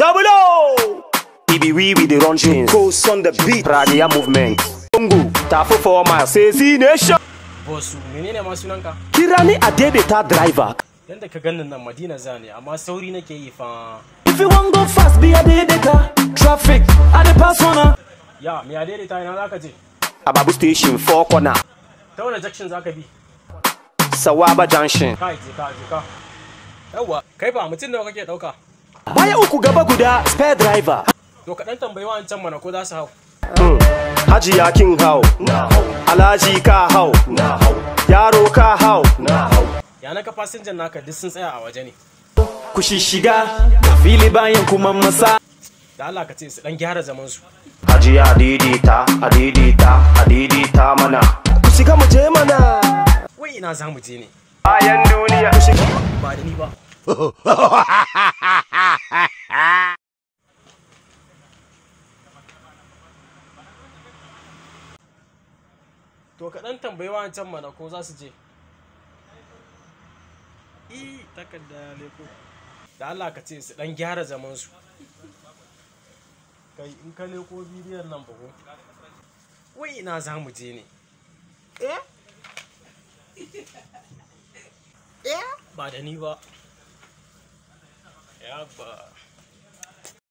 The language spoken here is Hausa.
Double O! EBW with the run chains. Ghost on the beat. Radia movement. Congo. Tafo for my Sezi Nation. Bosu, menene ma sunanka? Kirani Adebeta driver. Yanda ka ganin nan Madina zane amma sauri nake yi fa. If you want go fast be Adebeta. Traffic. Ade persona. Ya, me Adebeta ina zaka je? A babu station four corner. Ta wani junction zaka bi? Sawaba junction. Kai je ka je ka. Yawwa, kai ba mutum nawa kake dauka? Baya uku gaba guda spare driver. To kaɗan tambayi wancan mana ko za su hau. Hmm. Haji ya kin hau. Alhaji ka hau. Yaro ka hau. Ya naka fasinjan naka duk sun tsaya a waje ne. Ku shishiga da fili bayan kuma masa. Da Allah ka ce su dan gyara zaman su. Haji ya didita, a adidita mana. Ku shiga mu je mana. Wai ina za mu je ne. Bayan duniya. Ba da ni ba. Ha ha ha! to ka ɗan tambayi wancan mana ko za su je i takarda leko da Allah ka ce su ɗan gyara zaman su kai in ka leko bidiyon nan ba ko wai ina za mu je ne eh eh ba da ni ba ya ba